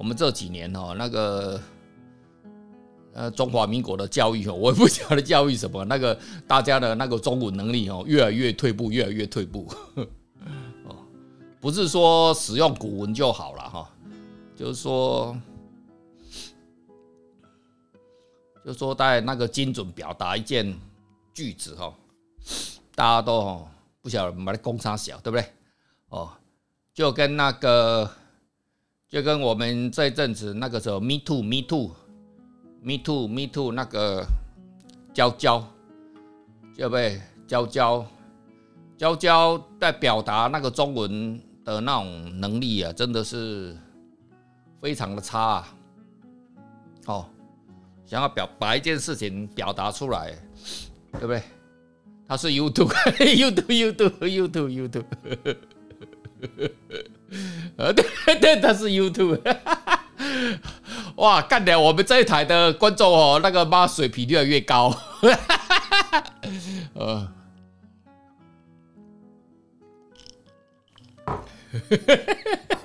我們這幾年哈，那個呃，中華民國的教育哦，我也不曉得教育什麼，那個大家的那個中文能力哦，越來越退步，越來越退步。哦，不是說使用古文就好了哈，就是說，就說在那個精準表達一件句子哈，大家都哦不曉得買的工商小，對不對？哦，就跟那個。就跟我們這陣子那個時候，me too，me too，me too，me too, Me too，那個嬌嬌，對不對？嬌嬌，嬌嬌在表達那個中文的那種能力啊，真的是非常的差、啊、哦。想要表把一件事情表達出來，對不對？他是 you do，you do，you do，you do，you do。Do, 呃， 對對，他是 YouTube， 哇，幹掉我們這一台的觀眾哦，那個媽水平越來越高， 呃，哈哈哈哈哈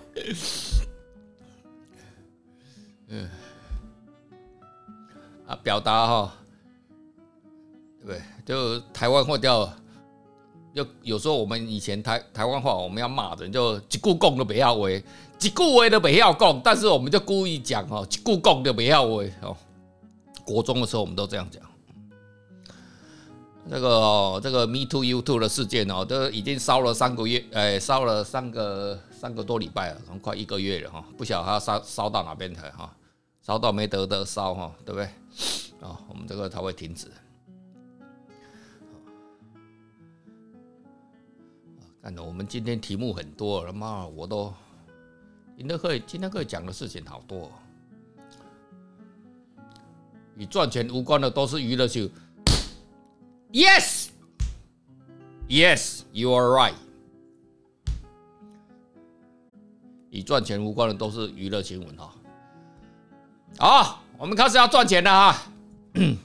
哈，啊，表達哈、哦，對，就臺灣壞掉了。有有時候我們以前台台灣話，我們要罵人就一句就，一句就只顧共都不要為，只顧為都不要共，但是我們就故意講哦，只顧共的不要為哦。國中的時候我們都這樣講。這個、喔、這個 Me Too You Too 的事件哦，都、喔、已經燒了三個月，哎、欸，燒了三個三個多禮拜了，可能快一個月了哈、喔。不曉得燒燒到哪邊去了哈，燒、喔、到沒得的燒哈，對不對？啊、喔，我們這個他會停止。那我們今天題目很多，他媽我都，今天可以今天可以講的事情好多，與賺錢無關的都是娛樂秀。 Yes，Yes，you are right。與賺錢無關的都是娛樂新聞哈。好，我們開始要賺錢了哈。